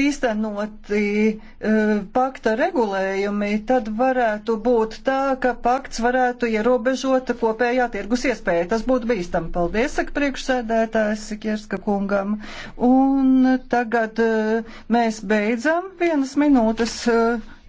īstenoti e, pakta regulējumi, tad varētu būt tā, ka pakts varētu ierobežot kopējā tirgus iespēja. Tas būtu bīstam. Paldies, saka priekšsēdētājs Kierska kungam. Un tagad e, mēs beidzam vienas minūtes e,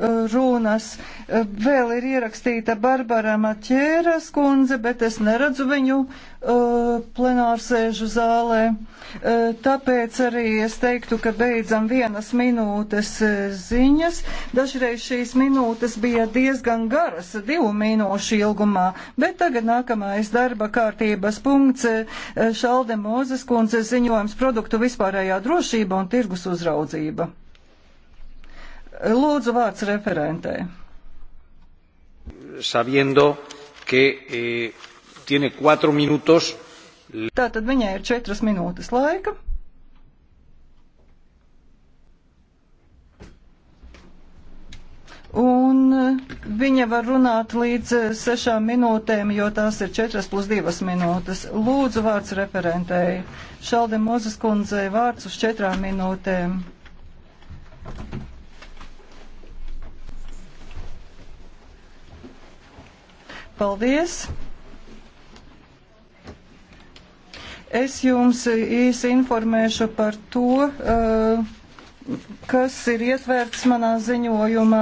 runas. Vēl ir ierakstīta Barbara Maķēras kundze, bet es neredzu viņu uh, plenārsēžu zālē. Uh, tāpēc arī es teiktu, ka beidzam vienas minūtes uh, ziņas. Dažreiz šīs minūtes bija diezgan garas, divu minūšu ilgumā, bet tagad nākamais darba kārtības punkts Šalde Mozes kundze ziņojums produktu vispārējā drošība un tirgus uzraudzība. Lūdzu, vārds referentē. Sabiendo, ka e, eh, tiene cuatro minutos. Tātad viņai ir četras minūtes laika. un eh, viņa var runāt līdz eh, sešām minūtēm, jo tās ir četras plus divas minūtes. Lūdzu vārds referentēji. Šalde Mozes kundzei vārds uz četrām minūtēm. Paldies! Es jums īsi informēšu par to, uh, kas ir ietverts manā ziņojumā.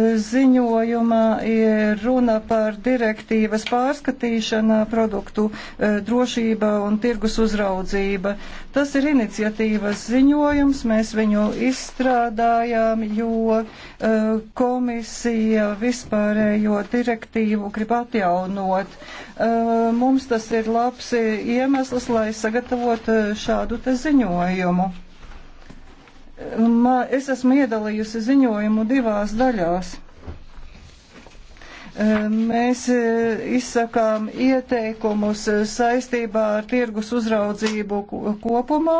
E, ziņojumā ir runa par direktīvas pārskatīšanā produktu e, drošība un tirgus uzraudzība. Tas ir iniciatīvas ziņojums, mēs viņu izstrādājām, jo e, komisija vispārējo direktīvu grib atjaunot. Mums tas ir labs iemesls, lai sagatavot šādu te ziņojumu. Ma, es esmu iedalījusi ziņojumu divās daļās. Mēs e, izsakām ieteikumus e, saistībā ar tirgus uzraudzību kopumā,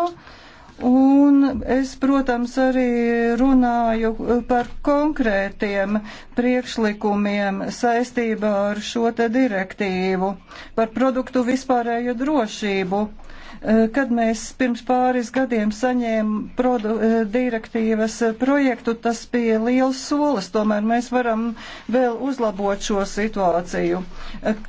un es, protams, arī runāju e, par konkrētiem priekšlikumiem saistībā ar šo te direktīvu, par produktu vispārējo drošību. Eh, kad mēs pirms pāris gadiem saņēmām eh, direktīvas eh, projektu, tas bija liels solis, tomēr mēs varam vēl uzlabot šo situāciju.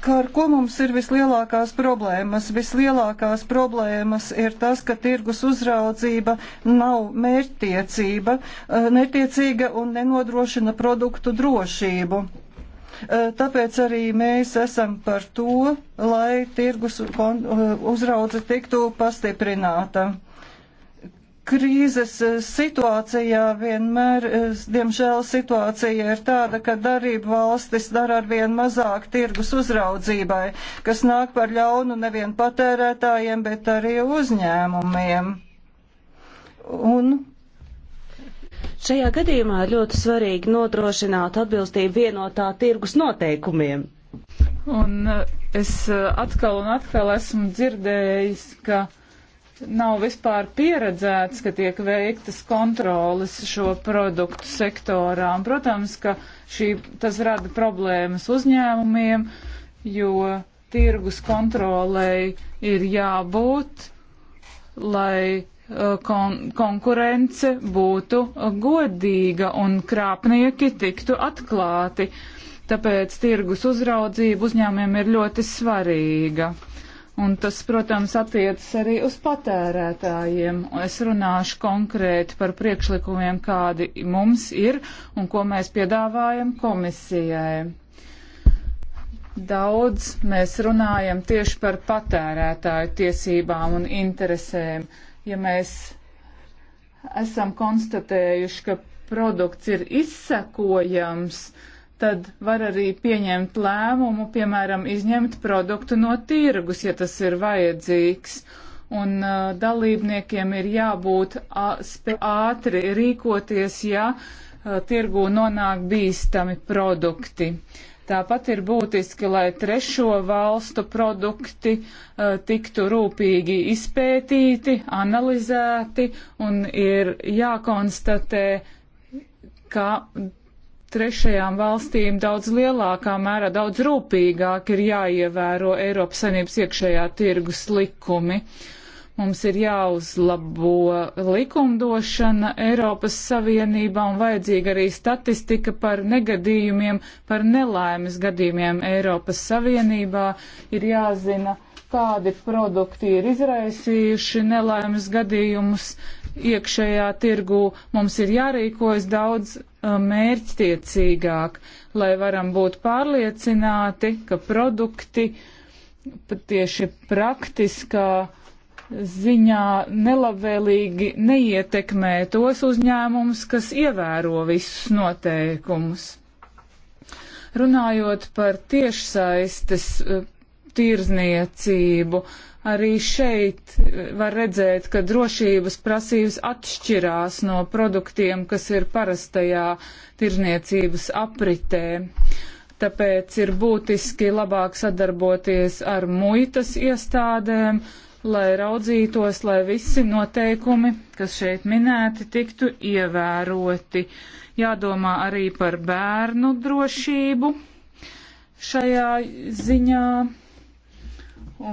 Kā ar ko mums ir vislielākās problēmas? Vislielākās problēmas ir tas, ka tirgus uzraudzība nav mērķtiecība, mērķtiecīga un nenodrošina produktu drošību. Eh, tāpēc arī mēs esam par to, lai tirgus eh, uzraudze tiktu pastiprināta krīzes eh, situācijā vienmēr, diemžēl, situācija ir tāda, ka darība valstis dara arvien mazāk tirgus uzraudzībai, kas nāk par ļaunu nevien patērētājiem, bet arī uzņēmumiem. Un Šajā gadījumā ir ļoti svarīgi nodrošināt atbilstību vienotā tirgus noteikumiem. Un eh, es eh, atkal un atkal esmu dzirdējis, ka nav vispār pieredzēts, ka tiek veiktas kontroles šo produktu sektorā. Un, protams, ka šī, tas rada problēmas uzņēmumiem, jo tirgus kontrolei ir jābūt lai eh, kon konkurence būtu eh, godīga un krāpnieki tiktu atklāti. Tāpēc tirgus uzraudzība uzņēmumiem ir ļoti svarīga. Un tas, protams, attiecas arī uz patērētājiem. Es runāšu konkrēti par priekšlikumiem, kādi mums ir un ko mēs piedāvājam komisijai. Daudz mēs runājam tieši par patērētāju tiesībām un interesēm. Ja mēs esam konstatējuši, ka produkts ir izsekojams, tad var arī pieņemt lēmumu, piemēram, izņemt produktu no tirgus, ja tas ir vajadzīgs. Un uh, dalībniekiem ir jābūt ātri rīkoties, ja uh, tirgū nonāk bīstami produkti. Uh, Tāpat ir būtiski, lai trešo valstu produkti uh, tiktu rūpīgi izpētīti, analizēti un ir jākonstatē, ka trešajām valstīm daudz lielākā mērā, daudz rūpīgāk ir jāievēro Eiropas Savienības iekšējā tirgus likumi. Uh, Mums ir jāuzlabo likumdošana Eiropas Savienībā un vajadzīga arī statistika par negadījumiem, par nelaimes gadījumiem Eiropas Savienībā. Ir jāzina, kādi produkti ir izraisījuši nelaimes gadījumus iekšējā tirgū. Mums ir jārīkojas daudz uh, mērķtiecīgāk, lai varam būt pārliecināti, ka produkti tieši praktiskā ziņā nelabvēlīgi neietekmē tos uzņēmumus, kas ievēro visus noteikumus. Runājot par tiešsaistes e, tirzniecību, arī šeit e, var redzēt, ka drošības prasības atšķirās no produktiem, kas ir parastajā tirzniecības apritē tāpēc ir būtiski labāk sadarboties ar muitas iestādēm, lai raudzītos, lai visi noteikumi, kas šeit minēti, tiktu ievēroti. Jādomā arī par bērnu drošību šajā ziņā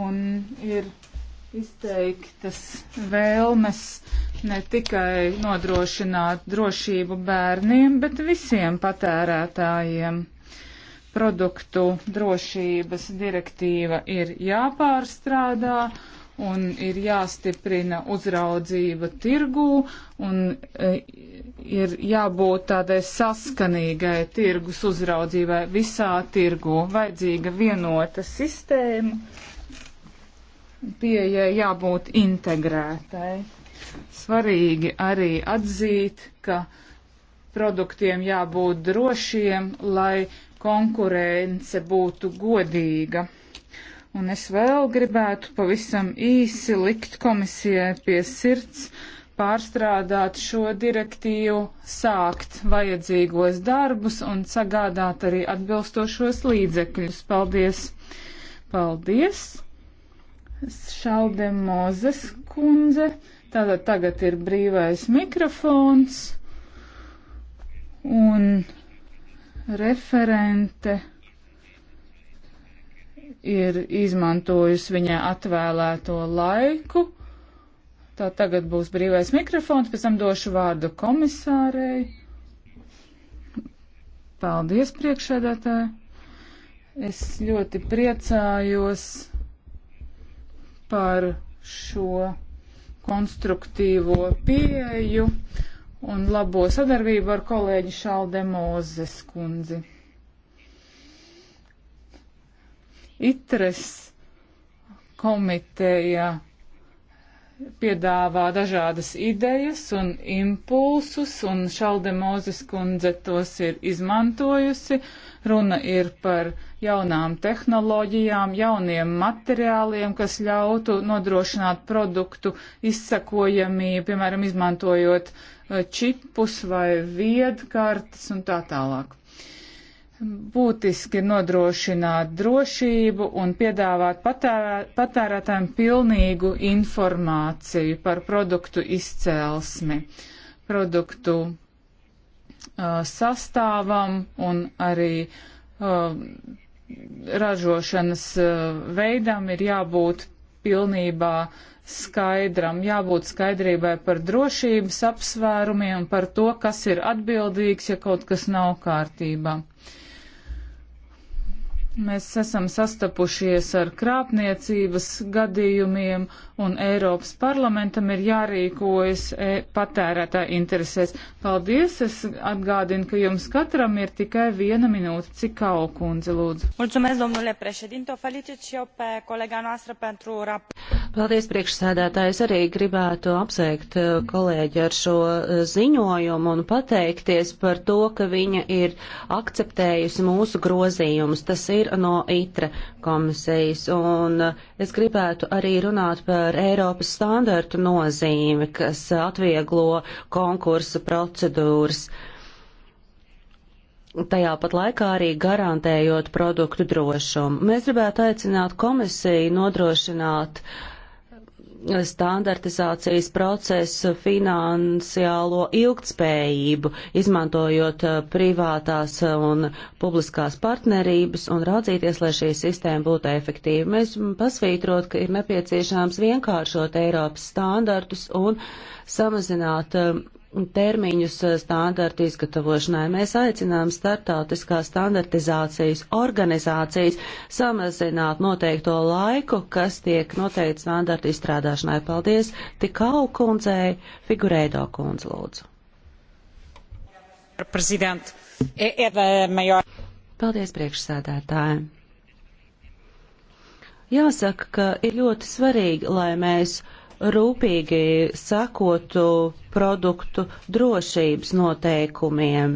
un ir izteiktas vēlmes ne tikai nodrošināt drošību bērniem, bet visiem patērētājiem. Produktu drošības direktīva ir jāpārstrādā un ir jāstiprina uzraudzība tirgū un e, ir jābūt tādai saskanīgai tirgus uzraudzībai visā tirgū. Vajadzīga vienota sistēma, pieejai jābūt integrētai. Svarīgi arī atzīt, ka produktiem jābūt drošiem, lai konkurence būtu godīga. Un es vēl gribētu pavisam īsi likt komisijai pie sirds pārstrādāt šo direktīvu, sākt vajadzīgos darbus un sagādāt arī atbilstošos līdzekļus. Paldies! Paldies! Šalde Mozes kundze. Tātad tagad ir brīvais mikrofons un referente ir izmantojusi viņai atvēlēto laiku. Tā tagad būs brīvais mikrofons, pēc tam došu vārdu komisārei. Paldies, priekšēdētāji. Es ļoti priecājos par šo konstruktīvo pieeju un labo sadarbību ar kolēģi Šaldemozes kundzi. ITRES komiteja piedāvā dažādas idejas un impulsus, un Šaldemozes kundze tos ir izmantojusi. Runa ir par jaunām tehnoloģijām, jauniem materiāliem, kas ļautu nodrošināt produktu izsakojamību, piemēram, izmantojot eh, čipus vai viedkartes un tā tālāk būtiski nodrošināt drošību un piedāvāt patērētājiem pilnīgu informāciju par produktu izcēlsmi, produktu uh, sastāvam un arī uh, ražošanas uh, veidam ir jābūt pilnībā skaidram, jābūt skaidrībai par drošības apsvērumiem, par to, kas ir atbildīgs, ja kaut kas nav kārtībā. Uh, Mēs esam sastapušies ar krāpniecības gadījumiem, un Eiropas parlamentam ir jārīkojas e patērētāja interesēs. Paldies! Es atgādinu, ka jums katram ir tikai viena minūte. Cik augu kundze, lūdzu? Mulțumesc, domnule președinte, o felicit și eu pe colega noastră pentru rap. Paldies, priekšsēdētāji. Es arī gribētu apsveikt e, kolēģi ar šo e, ziņojumu un pateikties par to, ka viņa ir akceptējusi mūsu grozījumus. Tas ir ir no ITRE komisijas, un es gribētu arī runāt par Eiropas standartu nozīmi, kas atvieglo konkursu procedūras. Tajā pat laikā arī garantējot produktu drošumu. Mēs gribētu aicināt komisiju nodrošināt uh, standartizācijas procesu finansiālo ilgtspējību, izmantojot uh, privātās uh, un publiskās partnerības un raudzīties, lai šī sistēma būtu efektīva. Mēs pasvītrot, ka ir nepieciešams vienkāršot Eiropas standartus un samazināt um, termiņus eh, standartu izgatavošanai. Mēs aicinām startautiskās standartizācijas organizācijas samazināt noteikto laiku, kas tiek noteikts standartu izstrādāšanai. Paldies Tikau kundzei, Figurēdo kundze lūdzu. E, e, Paldies priekšsēdētājiem. Jāsaka, ka ir ļoti svarīgi, lai mēs rūpīgi sekotu produktu drošības noteikumiem.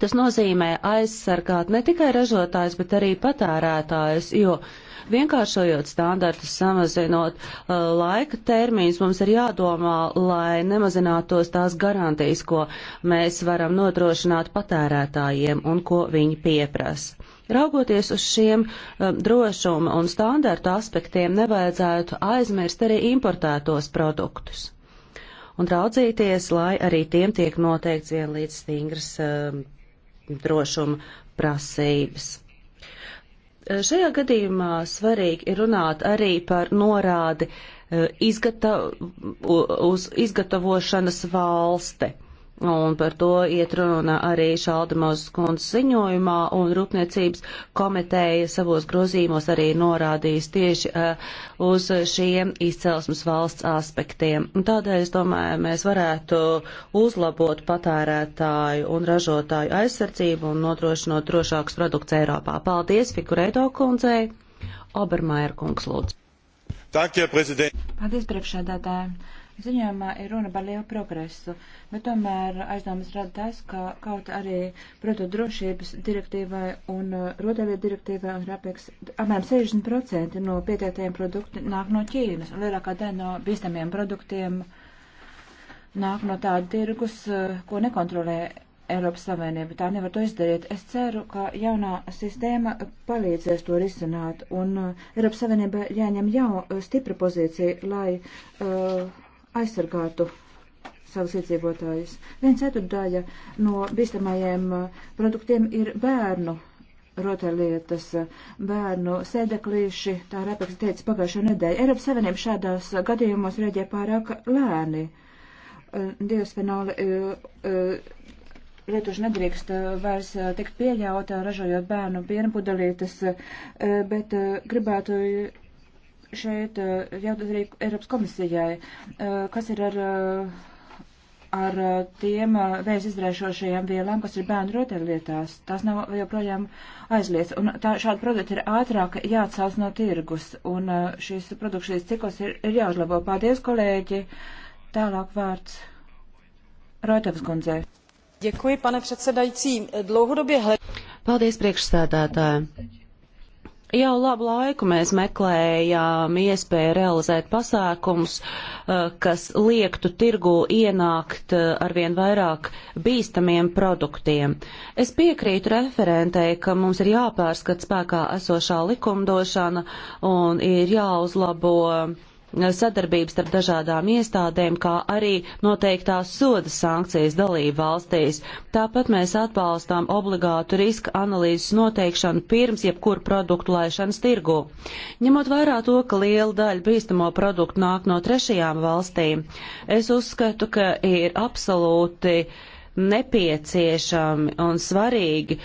Tas nozīmē aizsargāt ne tikai ražotājs, bet arī patērētājs, jo vienkāršojot standartus, samazinot uh, laika termīnus, mums ir jādomā, lai nemazinātos tās garantijas, ko mēs varam nodrošināt patērētājiem un ko viņi pieprasa. Raugoties uz šiem um, drošuma un standartu aspektiem, nevajadzētu aizmirst arī importētos produktus un raudzīties, lai arī tiem tiek noteikts vienlīdz stingras um, drošuma prasības. Uh, šajā gadījumā svarīgi ir runāt arī par norādi uh, izgatav, uz izgatavošanas valsti. Un par to iet runa arī Šaldamos kundzes ziņojumā, un Rūpniecības komiteja savos grozīmos arī norādījis tieši uh, uz šiem izcelsmes valsts aspektiem. Un tādēļ, es domāju, mēs varētu uzlabot patērētāju un ražotāju aizsardzību un nodrošinot drošākus produkts Eiropā. Paldies, Fikureito kundzei! Obermaier kungs lūdzu. Tā, ja, Paldies, priekšsēdētāji! Ziņojumā ir runa par lielu progresu, bet tomēr aizdomas rada tas, ka kaut arī protodrošības direktīvai un uh, rotaļlietu direktīvai un rapeks apmēram 60% no pieteiktiem produktiem nāk no Ķīnas, un lielākā daļa no bīstamiem produktiem nāk no tāda tirgus, uh, ko nekontrolē Eiropas Savienība tā nevar to izdarīt. Es ceru, ka jaunā sistēma palīdzēs to risināt, un uh, Eiropas Savienība jāņem jau stipra pozīcija, lai uh, aizsargātu savus iedzīvotājus. Viena ceturtdaļa no bīstamajiem uh, produktiem ir bērnu rotaļlietas, uh, bērnu sēdeklīši, tā Repeks teica pagājušajā nedēļā. Eiropas Savienība šādās uh, gadījumos rēģē pārāk lēni. Dievsfenoli lietošana nedrīkst vairs tikt pieļautā, ražojot bērnu piena pudelītes, bet gribētu šeit eh, jautāt arī Eiropas komisijai, eh, kas ir ar, eh, ar tiem vējas izraišošajām vielām, kas ir bērnu rotaļlietās. Tās nav joprojām aizliedz. Un tā, šāda produkta ir ātrāk jāatsauc no tirgus, un šīs produkcijas cikls ir, ir jāuzlabo. Paldies, kolēģi! Tālāk vārds Roitavas kundzei. Děkuji, pane předsedající. Dlouhodobě hledám. Paldies, priekšsēdētāji. Jau labu laiku mēs meklējām iespēju realizēt pasākums, eh, kas liektu tirgu ienākt eh, arvien vairāk bīstamiem produktiem. Es piekrītu referentei, ka mums ir jāpārskat spēkā esošā likumdošana un ir jāuzlabo sadarbības starp dažādām iestādēm, kā arī noteiktās soda sankcijas dalību valstīs. Tāpat mēs atbalstām obligātu riska analīzes noteikšanu pirms jebkuru produktu laišanas tirgu. Ņemot vērā to, ka liela daļa bīstamo produktu nāk no trešajām valstīm, es uzskatu, ka ir absolūti uh, nepieciešami un svarīgi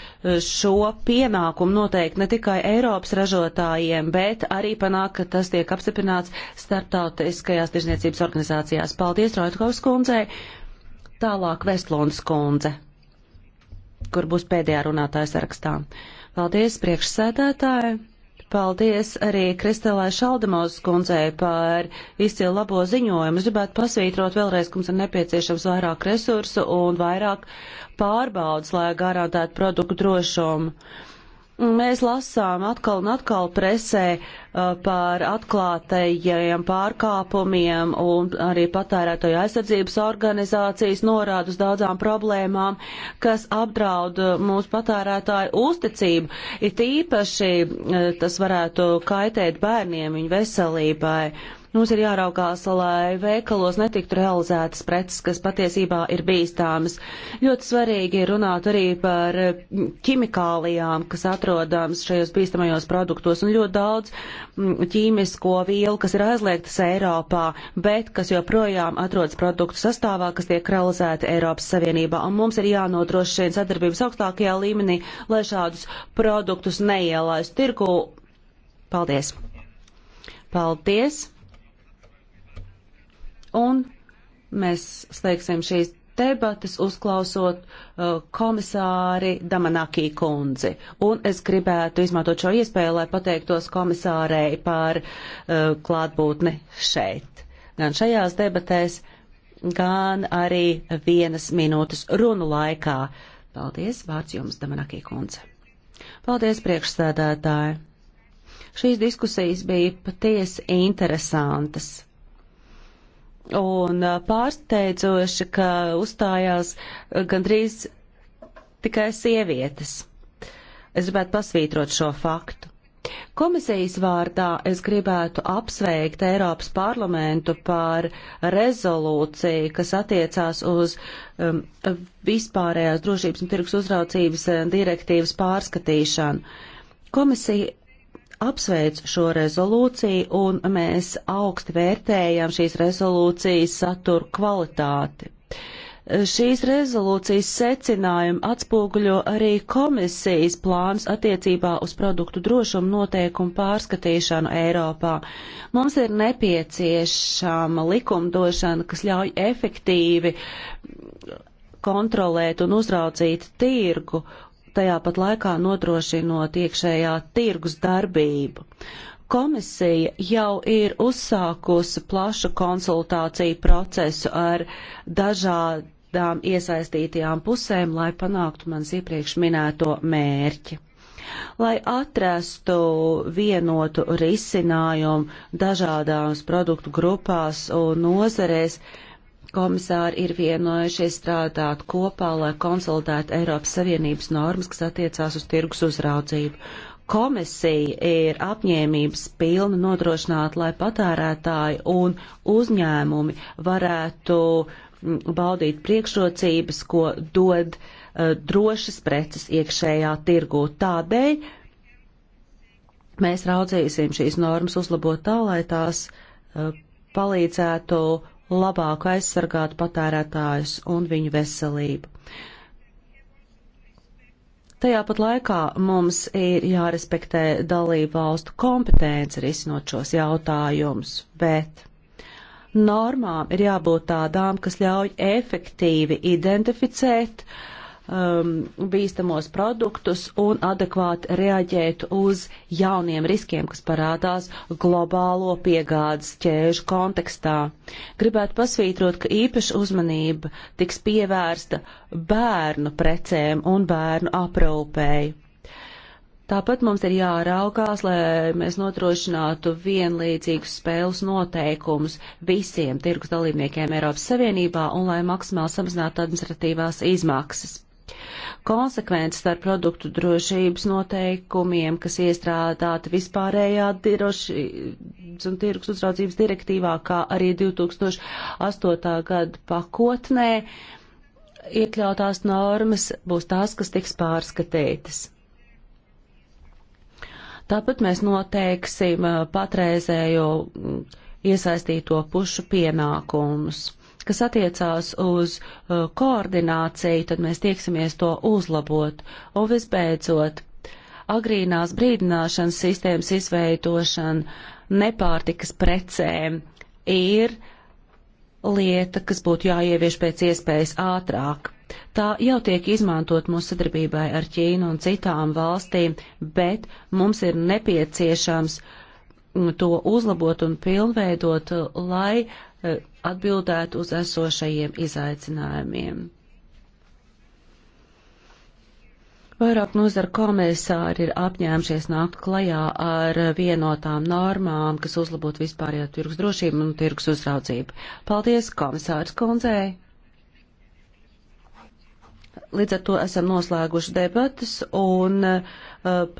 šo pienākumu noteikt ne tikai Eiropas ražotājiem, bet arī panākt, ka tas tiek apstiprināts starptautiskajās tirzniecības organizācijās. Paldies, Roitkovs kundzei! Tālāk Vestlunds kundze, kur būs pēdējā runātāja sarakstā. Paldies, priekšsēdētāji! Paldies arī Kristelē Šaldemovas kundzei par izcilu labo ziņojumu. Es gribētu pasvītrot vēlreiz, ka mums ir nepieciešams vairāk resursu un vairāk pārbaudas, lai garantētu produktu drošumu. Mēs lasām atkal un atkal presē uh, par atklātajiem pārkāpumiem un arī patērētoju aizsardzības organizācijas norāda uz daudzām problēmām, kas apdraud uh, mūsu patērētāju uzticību. It īpaši uh, tas varētu kaitēt bērniem viņu veselībai. Mums ir jāraugās, lai veikalos netiktu realizētas preces, kas patiesībā ir bīstāmas. Ļoti svarīgi ir runāt arī par ķimikālijām, kas atrodams šajos bīstamajos produktos, un ļoti daudz mm, ķīmisko vielu, kas ir aizliegtas Eiropā, bet kas joprojām atrodas produktu sastāvā, kas tiek realizēti Eiropas Savienībā. Un mums ir jānodrošina sadarbības augstākajā līmenī, lai šādus produktus neielaistu tirgu. Paldies! Paldies! un mēs slēgsim šīs debatas uzklausot uh, komisāri Damanakī kundzi. Un es gribētu izmantot šo iespēju, lai pateiktos komisārei par uh, klātbūtni šeit. Gan šajās debatēs, gan arī vienas minūtes runu laikā. Paldies, vārds jums, Damanakī kundze. Paldies, priekšsēdētāji. Šīs diskusijas bija patiesi interesantas. Un pārsteidzoši, ka uzstājās gandrīz tikai sievietes. Es gribētu pasvītrot šo faktu. Komisijas vārdā es gribētu apsveikt Eiropas parlamentu par rezolūciju, kas attiecās uz um, vispārējās drošības un tirgus uzraucības direktīvas pārskatīšanu. Komisija apsveic šo rezolūciju un mēs augsti vērtējam šīs rezolūcijas saturu kvalitāti. Šīs rezolūcijas secinājumi atspoguļo arī komisijas plāns attiecībā uz produktu drošumu noteikumu pārskatīšanu Eiropā. Mums ir nepieciešama likumdošana, kas ļauj efektīvi kontrolēt un uzraudzīt tirgu tajā pat laikā nodrošinot iekšējā tirgus darbību. Komisija jau ir uzsākusi plašu konsultāciju procesu ar dažādām iesaistītajām pusēm, lai panāktu mans iepriekš minēto mērķi. Lai atrastu vienotu risinājumu dažādās produktu grupās un nozerēs, uh, komisāri ir vienojušies strādāt kopā, lai konsultētu Eiropas Savienības normas, kas attiecās uz tirgus uzraudzību. Komisija ir apņēmības pilna nodrošināt, lai patērētāji un uzņēmumi varētu mm, baudīt priekšrocības, ko dod uh, drošas preces iekšējā tirgū. Tādēļ mēs raudzīsim šīs normas uzlabot tā, lai tās uh, palīdzētu labāk aizsargātu patērētājus un viņu veselību. Tajā pat laikā mums ir jārespektē dalību valstu kompetence risinot šos jautājumus, bet normām ir jābūt tādām, kas ļauj efektīvi identificēt uh, um, bīstamos produktus un adekvāti reaģēt uz jauniem riskiem, kas parādās globālo piegādes ķēžu kontekstā. Gribētu pasvītrot, ka īpaša uzmanība tiks pievērsta bērnu precēm un bērnu aprūpēji. Tāpat mums ir jāraukās, lai mēs notrošinātu vienlīdzīgus spēles noteikumus visiem tirgus dalībniekiem Eiropas Savienībā un lai maksimāli samazinātu administratīvās izmaksas. Konsekvence starp produktu drošības noteikumiem, kas iestrādāti vispārējā drošības un tirgus uzraudzības direktīvā, kā arī 2008. gada pakotnē, iekļautās normas būs tās, kas tiks pārskatītas. Tāpat mēs noteiksim uh, patreizējo mm, iesaistīto pušu pienākumus kas attiecās uz uh, koordināciju, tad mēs tieksimies to uzlabot. Un visbeidzot, agrīnās brīdināšanas sistēmas izveidošana nepārtikas precēm ir lieta, kas būtu jāievieš pēc iespējas ātrāk. Tā jau tiek izmantot mūsu sadarbībai ar Ķīnu un citām valstīm, bet mums ir nepieciešams uh, to uzlabot un pilnveidot, lai e, atbildētu uz esošajiem izaicinājumiem. Vairāk nozara komisāri ir apņēmušies nākt klajā ar vienotām normām, kas uzlabot vispārējo tirgus drošību un tirgus uzraudzību. Paldies komisārs kundzei! Līdz ar to esam noslēguši debatas un uh,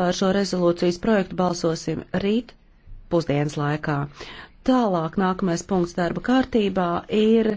par šo rezolūcijas projektu balsosim rīt pusdienas laikā. Tālāk nākamais punkts darba kārtībā ir